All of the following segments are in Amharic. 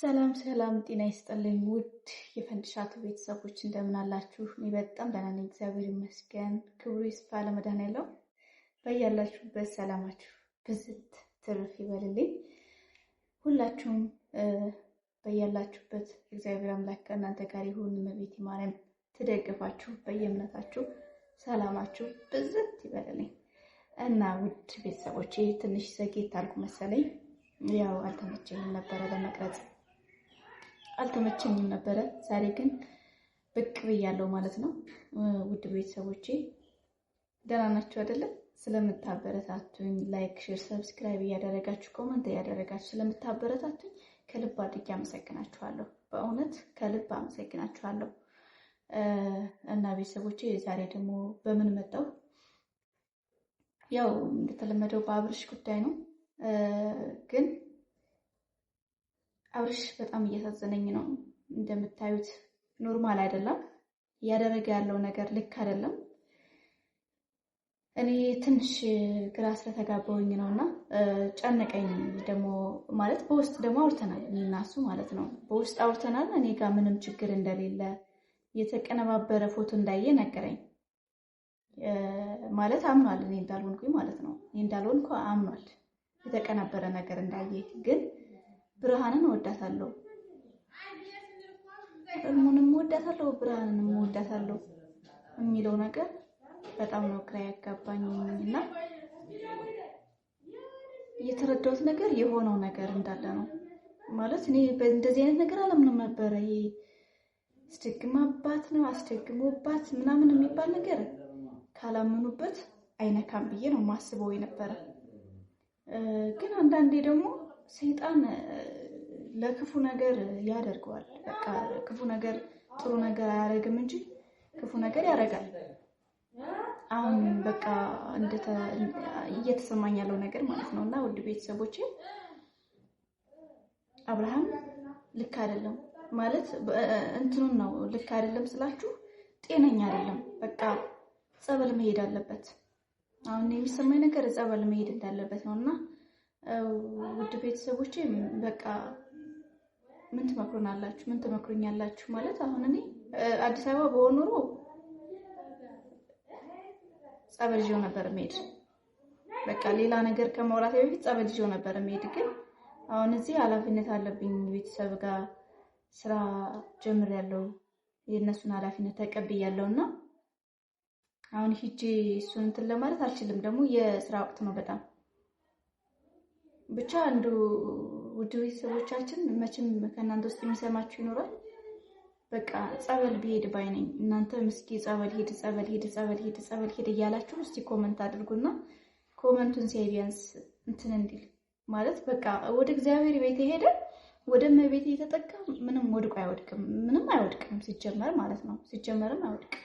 ሰላም ሰላም፣ ጤና ይስጥልኝ ውድ የፈንድሻቱ ቤተሰቦች እንደምን አላችሁ? እኔ በጣም ደህና ነኝ፣ እግዚአብሔር ይመስገን። ክብሩ ይስፋ ለመድኃኔዓለም። በያላችሁበት ሰላማችሁ ብዝት ትርፍ ይበልልኝ። ሁላችሁም በያላችሁበት እግዚአብሔር አምላክ ከእናንተ ጋር ይሁን። እመቤቴ ማርያም ትደግፋችሁ፣ በየእምነታችሁ ሰላማችሁ ብዝት ይበልልኝ እና ውድ ቤተሰቦቼ ትንሽ ዘግየት አልኩ መሰለኝ፣ ያው አልተመቸኝም ነበረ ለመቅረጽ አልተመቸኝም ነበረ። ዛሬ ግን ብቅ ብያለሁ ማለት ነው። ውድ ቤተሰቦቼ ደህና ናቸው አይደለም? ስለምታበረታቱኝ ላይክ፣ ሼር፣ ሰብስክራይብ እያደረጋችሁ ኮመንት እያደረጋችሁ ስለምታበረታቱኝ ከልብ አድርጌ አመሰግናችኋለሁ። በእውነት ከልብ አመሰግናችኋለሁ። እና ቤተሰቦቼ ዛሬ ደግሞ በምን መጣው? ያው እንደተለመደው በአብርሽ ጉዳይ ነው ግን አብርሽ በጣም እያሳዘነኝ ነው። እንደምታዩት ኖርማል አይደለም እያደረገ ያለው ነገር ልክ አይደለም። እኔ ትንሽ ግራ ስለተጋባውኝ ነው እና ጨነቀኝ። ደግሞ ማለት በውስጥ ደግሞ አውርተናል እኔና ማለት ነው። በውስጥ አውርተናል። እኔ ጋር ምንም ችግር እንደሌለ የተቀነባበረ ፎቶ እንዳየ ነገረኝ። ማለት አምኗል፣ እኔ እንዳልሆንኩኝ ማለት ነው። እኔ እንዳልሆንኩ አምኗል፣ የተቀናበረ ነገር እንዳየ ግን ብርሃንን እወዳታለሁ፣ እልሙንም እወዳታለሁ፣ ብርሃንንም እወዳታለሁ የሚለው ነገር በጣም ነው ግራ ያጋባኝ እና የተረዳሁት ነገር የሆነው ነገር እንዳለ ነው ማለት እኔ እንደዚህ አይነት ነገር አላምንም ነበረ። ይሄ አስደግም አባት ነው አስደግሞባት ምናምን የሚባል ነገር ካላመኑበት አይነካም ብዬ ነው ማስበው የነበረ። ግን አንዳንዴ ደግሞ ሰይጣን ለክፉ ነገር ያደርገዋል። በቃ ክፉ ነገር ጥሩ ነገር አያደርግም እንጂ ክፉ ነገር ያደርጋል። አሁን በቃ እየተሰማኝ ያለው ነገር ማለት ነው። እና ውድ ቤተሰቦች አብርሃም ልክ አይደለም ማለት እንትኑን ነው ልክ አይደለም ስላችሁ ጤነኛ አይደለም። በቃ ጸበል መሄድ አለበት። አሁን የሚሰማኝ ነገር ጸበል መሄድ እንዳለበት ነው እና ውድ ቤተሰቦች በቃ ምን ትመክሩናላችሁ? ምን ትመክሩኛላችሁ? ማለት አሁን እኔ አዲስ አበባ በሆን ኖሮ ጸበል ይዤው ነበር መሄድ። በቃ ሌላ ነገር ከማውራት በፊት ጸበል ይዤው ነበር መሄድ። ግን አሁን እዚህ ኃላፊነት አለብኝ። ቤተሰብ ጋር ስራ ያለው የእነሱን ኃላፊነት ተቀብያለሁ እና አሁን ሂጄ እሱን እንትን ለማለት አልችልም። ደግሞ የስራ ወቅት ነው በጣም ብቻ አንዱ ውድ ቤተሰቦቻችን መቼም ከእናንተ ውስጥ የሚሰማችሁ ይኖራል። በቃ ጸበል ብሄድ ባይ ነኝ። እናንተ እስኪ ጸበል ሄድ፣ ጸበል ሄድ፣ ጸበል ሄድ፣ ጸበል ሄድ እያላችሁ እስኪ ኮመንት አድርጉና ኮመንቱን ሲያይ እንትን እንዲል ማለት በቃ ወደ እግዚአብሔር ቤት የሄደ ወደ እመቤት የተጠጋ ምንም ወድቆ አይወድቅም፣ ምንም አይወድቅም ሲጀመር ማለት ነው። ሲጀመርም አይወድቅም፣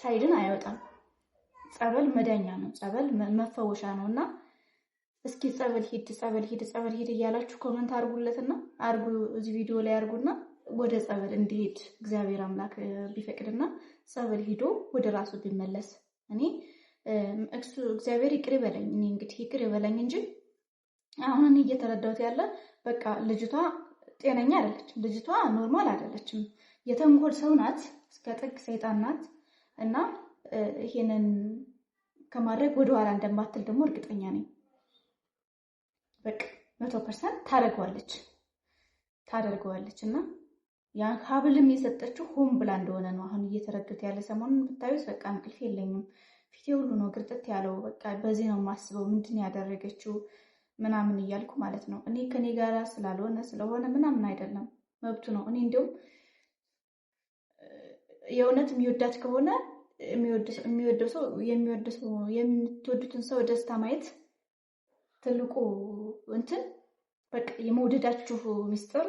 ሳይድን አይወጣም። ጸበል መዳኛ ነው፣ ጸበል መፈወሻ ነው እና እስኪ ጸበል ሂድ ጸበል ሂድ ጸበል ሂድ እያላችሁ ኮመንት አርጉለትና አርጉ እዚህ ቪዲዮ ላይ አርጉና ወደ ጸበል እንዲሄድ እግዚአብሔር አምላክ ቢፈቅድና ጸበል ሂዶ ወደ ራሱ ቢመለስ እኔ እሱ እግዚአብሔር ይቅር ይበለኝ። እኔ እንግዲህ ይቅር ይበለኝ እንጂ አሁን እየተረዳሁት ያለ በቃ ልጅቷ ጤነኛ አይደለችም። ልጅቷ ኖርማል አይደለችም። የተንኮል ሰው ናት፣ እስከ ጥግ ሰይጣን ናት እና ይሄንን ከማድረግ ወደኋላ እንደማትል ደግሞ እርግጠኛ ነኝ። በቃ መቶ ፐርሰንት ታደርገዋለች ታደርገዋለች እና ያን ሀብልም የሰጠችው ሆም ብላ እንደሆነ ነው። አሁን እየተረግጥ ያለ ሰሞኑን ብታዩት በቃ እንቅልፍ የለኝም፣ ፊቴ ሁሉ ነው ግርጥት ያለው። በቃ በዚህ ነው የማስበው፣ ምንድን ያደረገችው ምናምን እያልኩ ማለት ነው። እኔ ከኔ ጋር ስላልሆነ ስለሆነ ምናምን አይደለም፣ መብቱ ነው። እኔ እንዲሁም የእውነት የሚወዳት ከሆነ የሚወደው ሰው የምትወዱትን ሰው ደስታ ማየት ትልቁ እንትን በቃ የመውደዳችሁ ምስጢር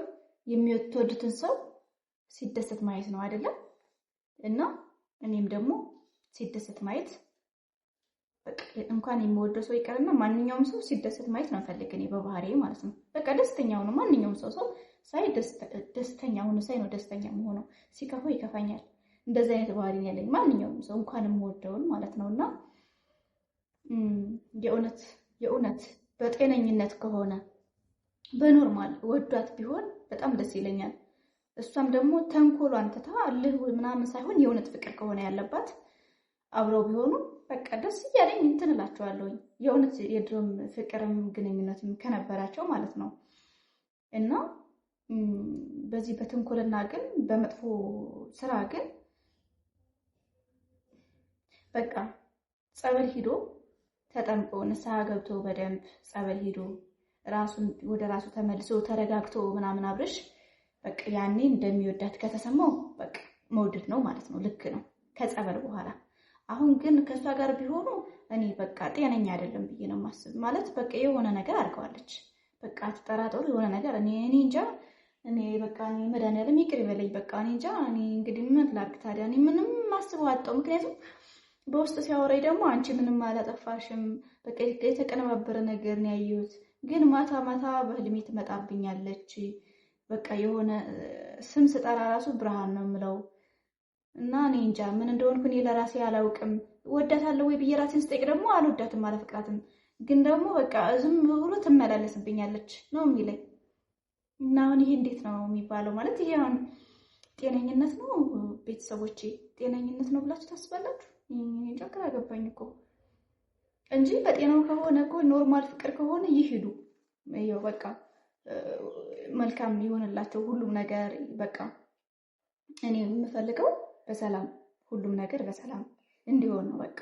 የሚወዱትን ሰው ሲደሰት ማየት ነው አይደለም? እና እኔም ደግሞ ሲደሰት ማየት እንኳን የሚወደው ሰው ይቀርና ማንኛውም ሰው ሲደሰት ማየት ነው ፈልግ እኔ በባህሪዬ ማለት ነው። በቃ ደስተኛ ሆኖ ማንኛውም ሰው ሰው ሳይ ደስተኛ ሆኖ ሳይ ነው ደስተኛ መሆነው። ሲከፋው ይከፋኛል። እንደዚህ አይነት ባህሪ ያለኝ ማንኛውም ሰው እንኳን የምወደውን ማለት ነው እና የእውነት የእውነት በጤነኝነት ከሆነ በኖርማል ወዷት ቢሆን በጣም ደስ ይለኛል። እሷም ደግሞ ተንኮሏን ትታ ልህ ምናምን ሳይሆን የእውነት ፍቅር ከሆነ ያለባት አብረው ቢሆኑ በቃ ደስ እያለኝ እንትን እላቸዋለሁኝ። የእውነት የድሮም ፍቅርም ግንኙነትም ከነበራቸው ማለት ነው እና በዚህ በትንኮልና ግን በመጥፎ ስራ ግን በቃ ጸበል ሂዶ ተጠምቆ ንስሐ ገብቶ በደንብ ጸበል ሄዶ ራሱን ወደ ራሱ ተመልሶ ተረጋግቶ ምናምን አብርሽ በቃ ያኔ እንደሚወዳት ከተሰማው በቃ መውደድ ነው ማለት ነው። ልክ ነው ከጸበል በኋላ። አሁን ግን ከእሷ ጋር ቢሆኑ እኔ በቃ ጤነኛ አይደለም ብዬ ነው ማስብ። ማለት በቃ የሆነ ነገር አድርገዋለች። በቃ ተጠራጠሩ የሆነ ነገር እኔ እኔ እንጃ እኔ በቃ እኔ መድኃኒዓለም ይቅር ይበለኝ። በቃ እኔ እንጃ እኔ እንግዲህ ምን ላድርግ ታዲያ? እኔ ምንም ማስበው አጣው። ምክንያቱም በውስጥ ሲያወራኝ ደግሞ አንቺ ምንም አላጠፋሽም፣ በቃ የተቀነባበረ ነገር ነው ያየሁት፣ ግን ማታ ማታ በህልሜ ትመጣብኛለች። በቃ የሆነ ስም ስጠራ ራሱ ብርሃን ነው የምለው እና እኔ እንጃ ምን እንደሆንኩ እኔ ለራሴ አላውቅም። ወዳታለሁ ወይ ብዬ ራሴን ስጠይቅ ደግሞ አልወዳትም፣ አላፈቅራትም፣ ግን ደግሞ በቃ ዝም ብሎ ትመላለስብኛለች ነው የሚለኝ እና አሁን ይሄ እንዴት ነው የሚባለው? ማለት ይሄ አሁን ጤነኝነት ነው? ቤተሰቦቼ ጤነኝነት ነው ብላችሁ ታስባላችሁ? እንጃ ግራ ገባኝ እኮ እንጂ በጤናው ከሆነ እኮ ኖርማል ፍቅር ከሆነ ይሄዱ ያው በቃ መልካም ይሆንላቸው ሁሉም ነገር በቃ እኔ የምፈልገው በሰላም ሁሉም ነገር በሰላም እንዲሆን ነው። በቃ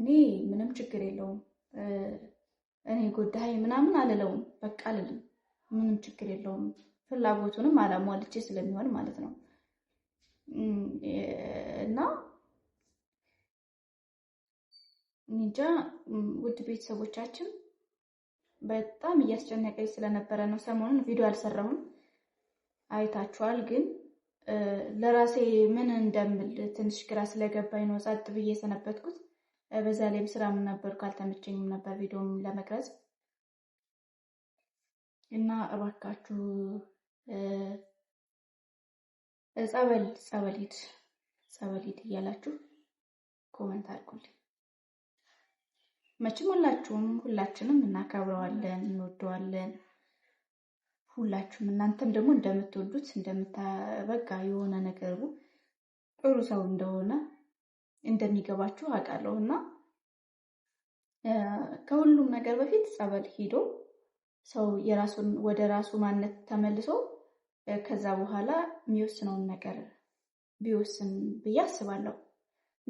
እኔ ምንም ችግር የለውም። እኔ ጎዳይ ምናምን አልለውም። በቃ አልልም። ምንም ችግር የለውም። ፍላጎቱንም አላሟልቼ ስለሚሆን ማለት ነው እና እንጃ ውድ ቤተሰቦቻችን በጣም እያስጨነቀኝ ስለነበረ ነው። ሰሞኑን ቪዲዮ አልሰራሁም፣ አይታችኋል። ግን ለራሴ ምን እንደምል ትንሽ ግራ ስለገባኝ ነው ጸጥ ብዬ የሰነበትኩት። በዛ ላይም ስራ ምን ነበር ካልተመቸኝም ነበር ቪዲዮም ለመቅረጽ እና እባካችሁ ጸበል ጸበል ሂድ ጸበል ሂድ እያላችሁ ኮመንት አድርጉልኝ። መቼም ሁላችሁም ሁላችንም እናከብረዋለን እንወደዋለን። ሁላችሁም እናንተም ደግሞ እንደምትወዱት እንደምታበቃ የሆነ ነገሩ ጥሩ ሰው እንደሆነ እንደሚገባችሁ አውቃለሁ እና ከሁሉም ነገር በፊት ጸበል ሂዶ ሰው የራሱን ወደ ራሱ ማንነት ተመልሶ ከዛ በኋላ የሚወስነውን ነገር ቢወስን ብዬ አስባለሁ።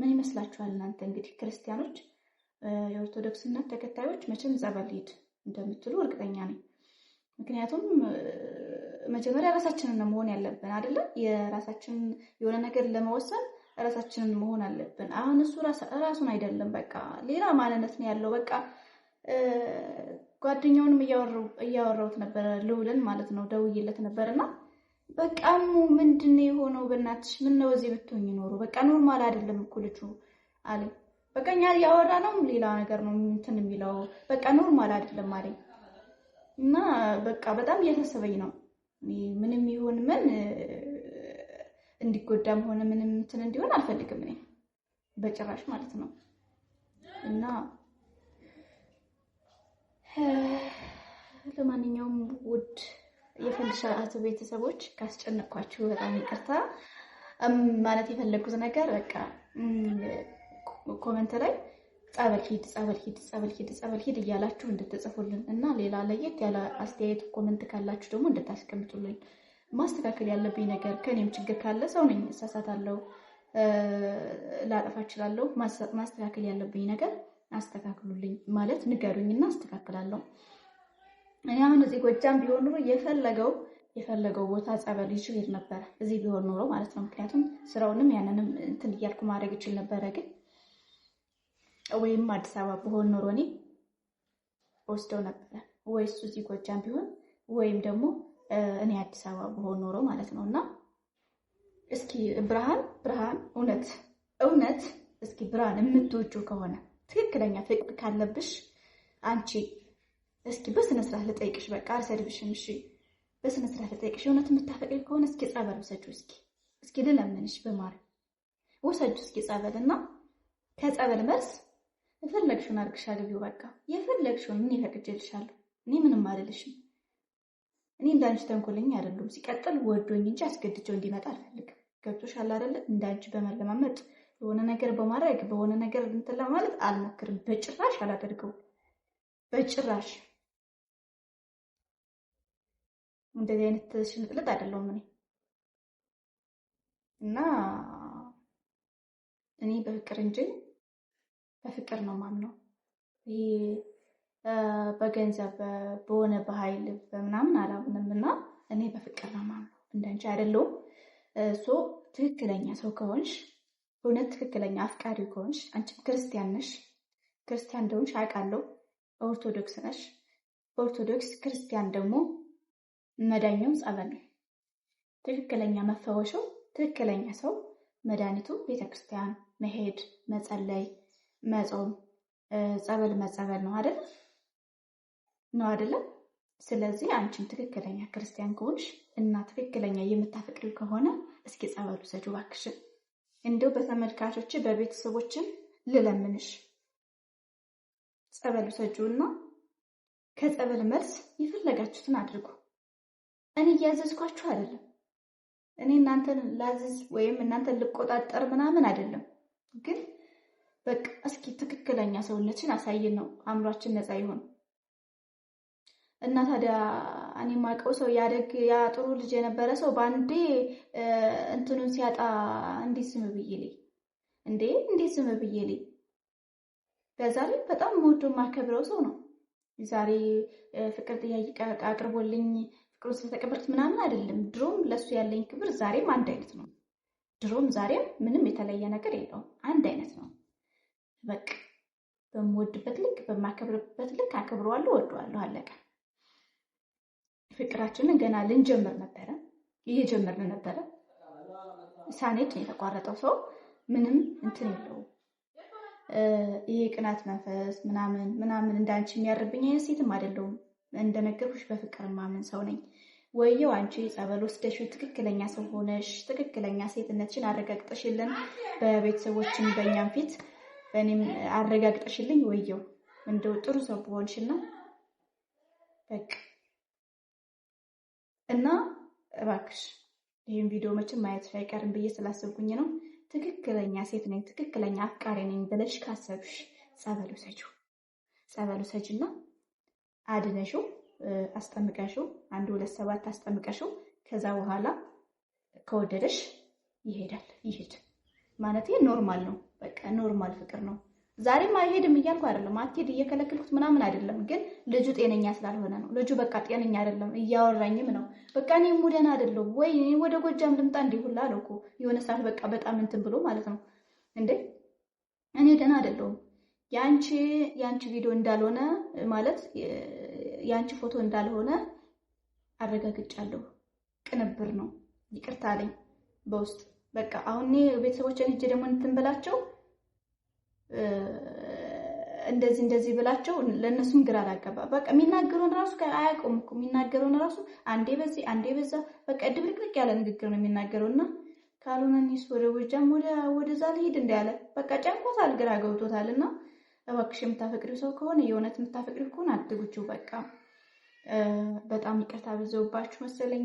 ምን ይመስላችኋል እናንተ እንግዲህ ክርስቲያኖች የኦርቶዶክስ እምነት ተከታዮች መቼም ጸበል ሂድ እንደምትሉ እርግጠኛ ነኝ። ምክንያቱም መጀመሪያ ራሳችንን ነው መሆን ያለብን አይደለም። የራሳችንን የሆነ ነገር ለመወሰን ራሳችንን መሆን አለብን። አሁን እሱ ራሱን አይደለም፣ በቃ ሌላ ማንነት ነው ያለው። በቃ ጓደኛውንም እያወራሁት ነበረ፣ ልውልን ማለት ነው። ደውዬለት ነበርና በቃ በቃሙ ምንድን ነው የሆነው? በእናትሽ ምን ነው እዚህ ብትሆኝ ኖሮ በቃ ኖርማል አይደለም እኮ ልጁ አለኝ። በቃ እኛ ያወራ ነው ሌላ ነገር ነው እንትን የሚለው በቃ ኖርማል አይደለም አለኝ እና በቃ በጣም እያሳሰበኝ ነው። ምንም ይሁን ምን እንዲጎዳም ሆነ ምንም እንትን እንዲሆን አልፈልግም እኔ በጭራሽ ማለት ነው እና ለማንኛውም ውድ የፈንድሻ አቶ ቤተሰቦች ካስጨነቅኳችሁ በጣም ይቅርታ። ማለት የፈለጉት ነገር በቃ ኮመንት ላይ ጸበል ሂድ ጸበል ሂድ ጸበል ሂድ ጸበል ሂድ እያላችሁ እንድትጽፉልን እና ሌላ ለየት ያለ አስተያየት ኮመንት ካላችሁ ደግሞ እንድታስቀምጡልን። ማስተካከል ያለብኝ ነገር ከእኔም ችግር ካለ ሰው ነኝ፣ እሳሳታለሁ፣ ላጠፋ እችላለሁ። ማስተካከል ያለብኝ ነገር አስተካክሉልኝ ማለት ንገሩኝ እና አስተካክላለሁ። እኔ አሁን እዚህ ጎጃም ቢሆን ኑሮ የፈለገው የፈለገው ቦታ ጸበል ይችል ነበረ፣ እዚህ ቢሆን ኑሮ ማለት ነው። ምክንያቱም ስራውንም ያንንም እንትን እያልኩ ማድረግ ይችል ነበረ ግን ወይም አዲስ አበባ በሆን ኖሮ እኔ ወስደው ነበረ ወይ እሱ እዚህ ጎጃም ቢሆን ወይም ደግሞ እኔ አዲስ አበባ በሆን ኖሮ ማለት ነው። እና እስኪ ብርሃን ብርሃን እውነት እውነት እስኪ ብርሃን የምትወጂው ከሆነ ትክክለኛ ፍቅር ካለብሽ አንቺ እስኪ በስነ ስርዓት ልጠይቅሽ፣ በቃ አልሰድብሽም። እሺ በስነ ስርዓት ልጠይቅሽ፣ እውነት የምታፈቅሪ ከሆነ እስኪ ጸበል ውሰጁ፣ እስኪ እስኪ ልለምንሽ በማር ውሰጁ እስኪ ጸበልና ከጸበል መልስ የፈለግሽውን አድርግሻለሁ። ቢው በቃ የፈለግሽውን እኔ ፈቅጄልሻለሁ። እኔ ምንም አልልሽም። እኔ እንዳንቺ ተንኮለኛ አይደለሁም። ሲቀጥል ወዶኝ እንጂ አስገድጀው እንዲመጣ አልፈልግም። ገብቶሻል አይደለ? እንዳንቺ በመለማመጥ የሆነ ነገር በማድረግ በሆነ ነገር እንትን ለማለት አልሞክርም። በጭራሽ አላደርገው በጭራሽ። እንደዚህ አይነት ሽንጥልጥ አይደለሁም እኔ እና እኔ በፍቅር እንጂ በፍቅር ነው ማምነው። ይሄ በገንዘብ በሆነ በኃይል በምናምን አላምንም እና እኔ በፍቅር ነው ማምነው። እንዳንቺ አይደለሁም። እሱ ትክክለኛ ሰው ከሆንሽ እውነት ትክክለኛ አፍቃሪ ከሆንሽ አንቺም ክርስቲያን ነሽ። ክርስቲያን እንደሆንሽ አውቃለሁ። ኦርቶዶክስ ነሽ። ኦርቶዶክስ ክርስቲያን ደግሞ መዳኛው ጸበል ነው። ትክክለኛ መፈወሻው ትክክለኛ ሰው መድኃኒቱ ቤተክርስቲያን መሄድ መጸለይ መጾም ጸበል መጸበል ነው አይደል? ነው አይደለም? ስለዚህ አንቺም ትክክለኛ ክርስቲያን ከሆንሽ እና ትክክለኛ የምታፈቅሪው ከሆነ እስኪ ጸበሉ ሰጁ ባክሽ እንዲሁ በተመልካቾች በቤተሰቦችም ልለምንሽ ጸበሉ ሰጁ እና ከጸበል መልስ የፈለጋችሁትን አድርጉ። እኔ እያዘዝኳችሁ አይደለም። እኔ እናንተን ላዝዝ ወይም እናንተን ልቆጣጠር ምናምን አይደለም ግን በቃ እስኪ ትክክለኛ ሰውነችን አሳይን ነው አእምሯችን ነፃ ይሆን እና ታዲያ እኔ የማውቀው ሰው ያደግ ያ ጥሩ ልጅ የነበረ ሰው በአንዴ እንትኑን ሲያጣ እንዴት ስም ብዬ ልይ እንዴ እንዴት ስም ብዬ ልይ በዛ ላይ በጣም ሞዶ የማከብረው ሰው ነው ዛሬ ፍቅር ጥያቄ አቅርቦልኝ ፍቅሩ ስለተቀበልኩት ምናምን አይደለም ድሮም ለሱ ያለኝ ክብር ዛሬም አንድ አይነት ነው ድሮም ዛሬም ምንም የተለየ ነገር የለውም አንድ አይነት ነው በቃ በምወድበት ልክ በማከብርበት ልክ አከብረዋለሁ፣ ወደዋለሁ። አለቀ። ፍቅራችንን ገና ልንጀምር ነበረ፣ እየጀመርን ነበረ። ሳኔት ነው የተቋረጠው። ሰው ምንም እንትን የለው ይሄ ቅናት መንፈስ ምናምን ምናምን እንዳንቺ የሚያርብኝ አይነት ሴትም አይደለውም እንደነገርኩሽ በፍቅር ማምን ሰው ነኝ። ወየው አንቺ ጸበል ወስደሽ ትክክለኛ ሰው ሆነሽ ትክክለኛ ሴትነትሽን አረጋግጠሽልን በቤተሰቦችን በእኛም ፊት በእኔም አረጋግጠሽልኝ ወየው እንደው ጥሩ ሰው በሆንሽና በቃ እና እባክሽ ይህን ቪዲዮ መቼም ማየት አይቀርም ብዬ ስላሰብኩኝ ነው። ትክክለኛ ሴት ነኝ፣ ትክክለኛ አፍቃሪ ነኝ ብለሽ ካሰብሽ ጸበሉ ሰጪው ጸበሉ ሰጪና አድነሽው አስጠምቀሽው አንድ ሁለት ሰባት አስጠምቀሽው ከዛ በኋላ ከወደደሽ ይሄዳል። ይሄድ ማለት ይሄ ኖርማል ነው። በቃ ኖርማል ፍቅር ነው። ዛሬም አይሄድም እያልኩ አይደለም፣ አትሄድ እየከለከልኩት ምናምን አይደለም። ግን ልጁ ጤነኛ ስላልሆነ ነው። ልጁ በቃ ጤነኛ አይደለም፣ እያወራኝም ነው። በቃ እኔ ሙደና አይደለሁም ወይ ወደ ጎጃም ልምጣ እንዲሁላ አለው እኮ የሆነ ሰዓት በቃ በጣም እንትን ብሎ ማለት ነው። እንዴ እኔ ደህና አይደለሁም። የአንቺ ያንቺ ቪዲዮ እንዳልሆነ ማለት ያንቺ ፎቶ እንዳልሆነ አረጋግጫለሁ። ቅንብር ነው። ይቅርታ አለኝ በውስጥ በቃ አሁን እኔ ቤተሰቦችን ሂጅ ደግሞ እንትን ብላቸው እንደዚህ እንደዚህ ብላቸው ለእነሱም ግራ አላገባ በቃ የሚናገሩን ራሱ አያውቀውም እኮ የሚናገሩን ራሱ አንዴ በዚህ አንዴ በዛ በቃ ድብልቅልቅ ያለ ንግግር ነው የሚናገረውና ካልሆነ እኔስ ወደ ጎጃም ወደዛ ልሄድ እንዳለ በቃ ጨንቆታል፣ ግራ ገብቶታል። እና እባክሽ የምታፈቅሪው ሰው ከሆነ የእውነት የምታፈቅሪው ከሆነ አትጉጂው በቃ በጣም ይቅርታ በዛውባችሁ መሰለኝ።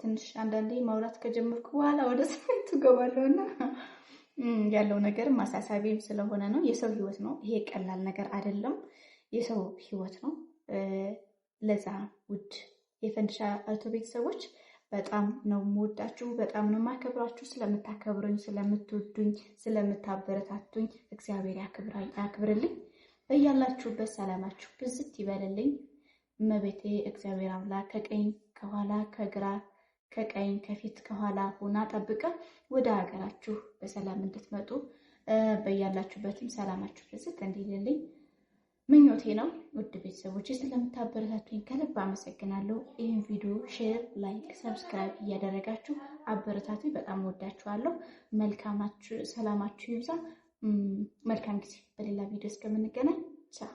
ትንሽ አንዳንዴ ማውራት ከጀመርኩ በኋላ ወደ ስሜቱ እገባለሁ እና ያለው ነገር ማሳሳቢም ስለሆነ ነው። የሰው ህይወት ነው። ይሄ ቀላል ነገር አይደለም። የሰው ህይወት ነው። ለዛ ውድ የፈንድሻ እህት ቤተሰቦች በጣም ነው የምወዳችሁ፣ በጣም ነው የማከብራችሁ። ስለምታከብሩኝ፣ ስለምትወዱኝ፣ ስለምታበረታቱኝ እግዚአብሔር ያክብርልኝ። በያላችሁበት ሰላማችሁ ብዝት ይበልልኝ። እመቤቴ እግዚአብሔር አምላክ ከቀኝ ከኋላ ከግራ ከቀኝ ከፊት ከኋላ ሆና ጠብቀ ወደ ሀገራችሁ በሰላም እንድትመጡ በያላችሁበትም ሰላማችሁ ፍስት እንዲልልኝ ምኞቴ ነው። ውድ ቤተሰቦች ስለምታበረታቱኝ ከልብ አመሰግናለሁ። ይህን ቪዲዮ ሼር፣ ላይክ፣ ሰብስክራይብ እያደረጋችሁ አበረታቱኝ። በጣም ወዳችኋለሁ። ሰላማችሁ ይብዛ። መልካም ጊዜ። በሌላ ቪዲዮ እስከምንገናኝ ቻው።